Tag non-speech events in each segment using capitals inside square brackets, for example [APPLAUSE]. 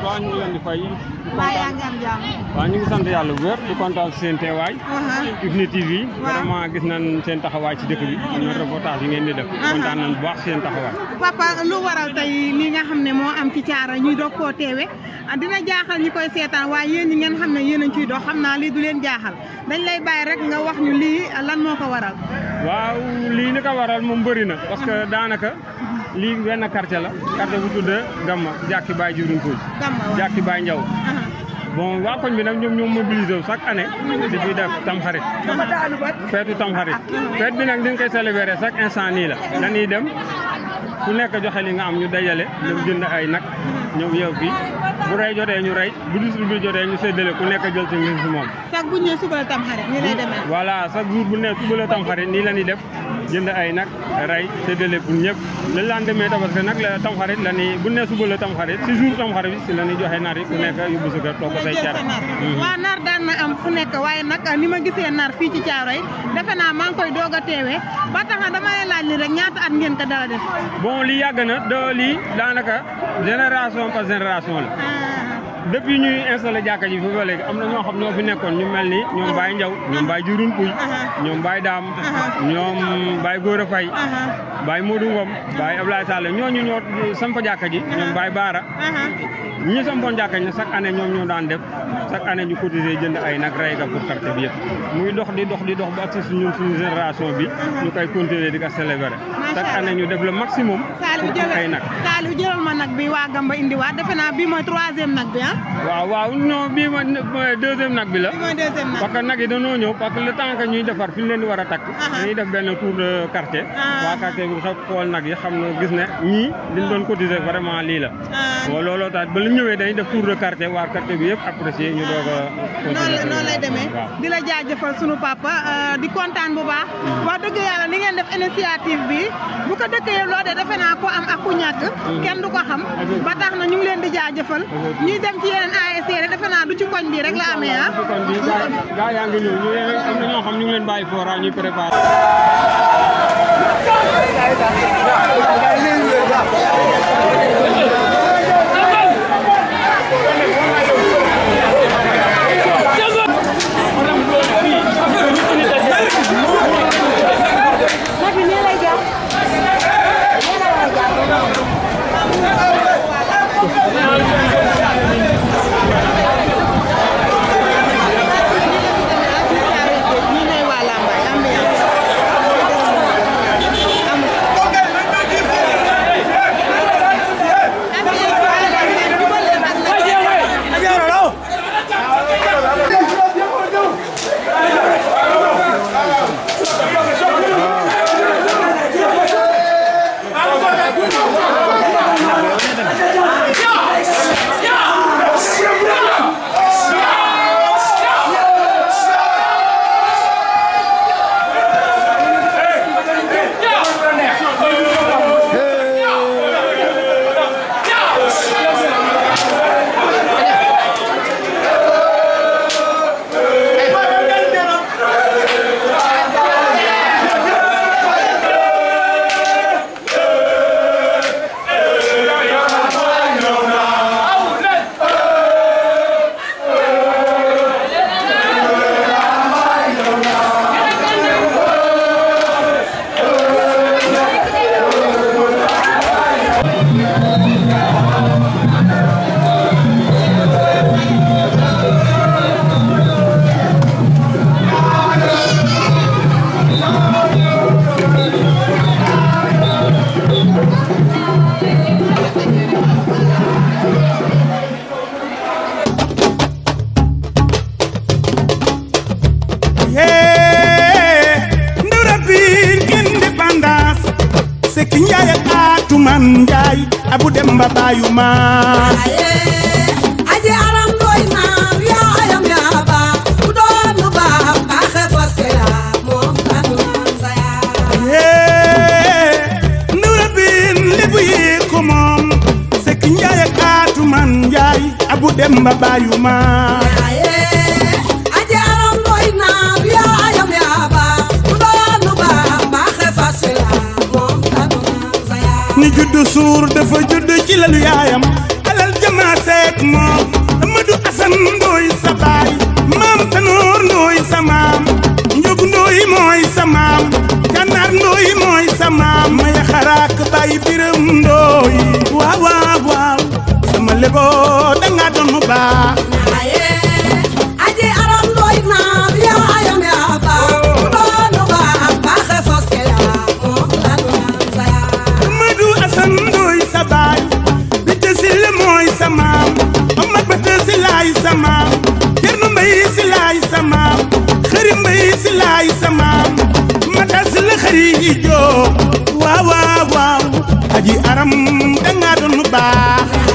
Touba ñu leen di fay. mbaa yaa ngi am jàmm. waaw ñu ngi sant yàlla bu wér kontaan seen teewaay. Kifne TV. vraiment gis nañ seen taxawaay ci dëkk bi. am na reportage yi ngeen di def. kontaan nañ bu baax seen taxawaay. papa lu waral tey li nga xam ne moo am ci caara ñuy doog koo teewe ah, dina jaaxal ñi koy seetaan waaye yéen ñi ngeen xam ne yéen a ciy dox xam naa lii du leen jaaxal dañ lay bàyyi rek nga wax ñu lii lan moo ko waral. waaw lii ni ko waral moom bëri na. parce que daanaka lii benn quartier la quartier bu tudd jàkki Baye Ndiaw bon waa koñ bi nag ñoom ñoo mobilisé wu chaque année di fi def tamxarit feetu tamxarit feet bi nag dañ koy célébrer chaque instant nii la dañuy dem ku nekk joxe li nga am ñu dajale dem jënd ay nag ñëw yeew fii bu rey jotee ñu rey bu distribué bi jotee ñu séddale ku nekk jël ci ngir si moom chaque bu ñëwee suba la tamxarit nii la nii la ñuy def jënd ay nag rey séddale pour ñëpp le lendemain tabaski nag la tamxarit la ni bu suba la tamxarit si jour tamxarit bi si la ñuy joxe nar yi ku nekk yóbbu sa kër toog say car mhm. waaw nar daan na am fu nekk waaye nag ni ma gisee nar fii ci caaro yi defe naa maa koy doog a teewee ba tax na dama lay laaj li rek ñaata at ngeen ko dala def bon li yàgg na doo lii daanaka génération par génération la ah. depuis ñuy installé jàkka ji fi ba léegi am na ñoo xam ñoo fi nekkoon ñu mel ni ñoom Baye Ndiaw ñoom Baye Jurun Pouy ñoom Baye Daam ñoom Baye Gora Faye Baye Modou Ngom Baye Ablaye Sall ñooñu ñoo samp jàkka ji ñi sampoon jàkka ñoom ñoo daan def chaque année ñu cotiser jënd ay nag rey ka pour quartier bi yëpp muy dox di dox di dox ba ak si ñun suñu génération bi ñu koy continuer di ko célébrer chaque année ñu def le maximum pour ay nag ma nag bi waa Gamba indiwaat defe naa bii mooy troisième nag bi ah. ah. waaw waaw non deuxième nag bi la. parce que nag yi dañoo ñëw parce que le temps que ñuy defar fi ñu leen di war a takk. dañuy def benn tour de quartier. waa quartier bi sax xool nag yi xam na gis ne ñii liñ doon cotiser vraiment lii la. waaw looloo tax ba lu ñëwee dañuy def tour de quartier waa quartier bi yëpp apprécié ñu doog a. noonu lay demee di la jaajëfal sunu papa euh, di kontaan bu baax. Hmm. wax dëgg yàlla ni ngeen def initiative bi bu ko dëkkee loo de defe naa ko am ak ku ñàkk. Hmm. kenn du ko xam ba tax na ñu ngi leen di jaajëfal ñuy dem ci yeneen ASC e rek defe du ci koñ bi rek la amee ah. bi gaa yaa ngi ñëw ñu Yeah. [LAUGHS] baayu maam aje aram dooy maam yaayam yaa baa bu doonu baa baaxe fosse yaa moom tanu maam sa yaa nu rabin lépp yi ko moom sekk njaay ak aatu man njaay abu demba baayu maam judd suur dafa judd ci lalu yaayam alal jamaase ak moom samaam Cerno Mbay Si laay samaam Xëri Mbay Si laay samaam Mata Si la xëri yi joo waaw waaw waaw aji aram da nga baax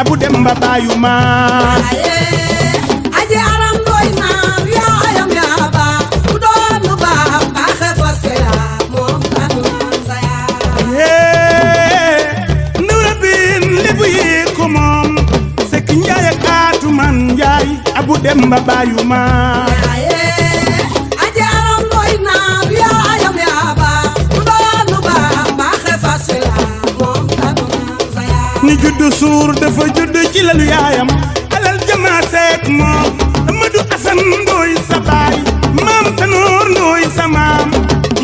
abu dem ba baayu maam aje aram dooy maam yaayam yaaba bu doonu baam baaxe fosse yaa moom kanu maam sa yaa nuura biin libu yi ko moom sekk njaay ak aatu man abu dem ba baayu maam ni juddu suur dafa juddu ci lalu yaayam alal jamaa seek moom Amadou Assane Ndoye sa baay maam Tanoor Ndoye sa maam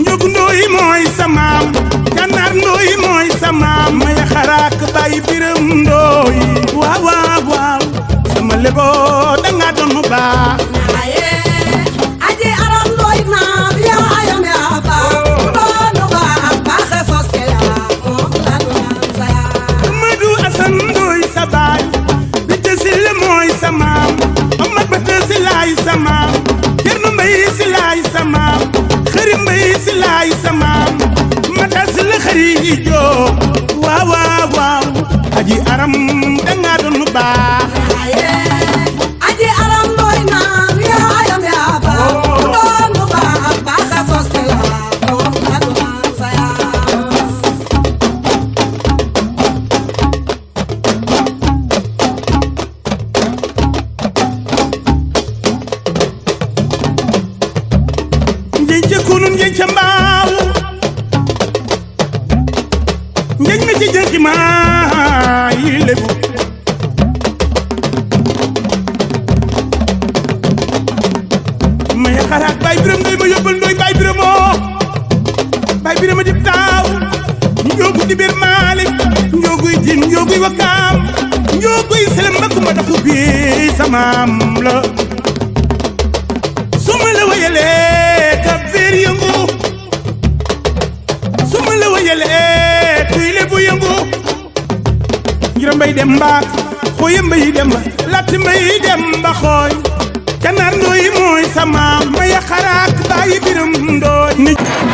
Njogu Ndoye mooy sa maam Gànnaar Ndoye mooy sa maam Maya Xaraak Baay Biram Ndoye waaw waaw waaw sama lebo மரம் ille bu mbay dem mbaak xuy mbay dem ba lati mbay dem ba xooy canar ndooy mooy sama maya xaraak bàyyi biram ndooy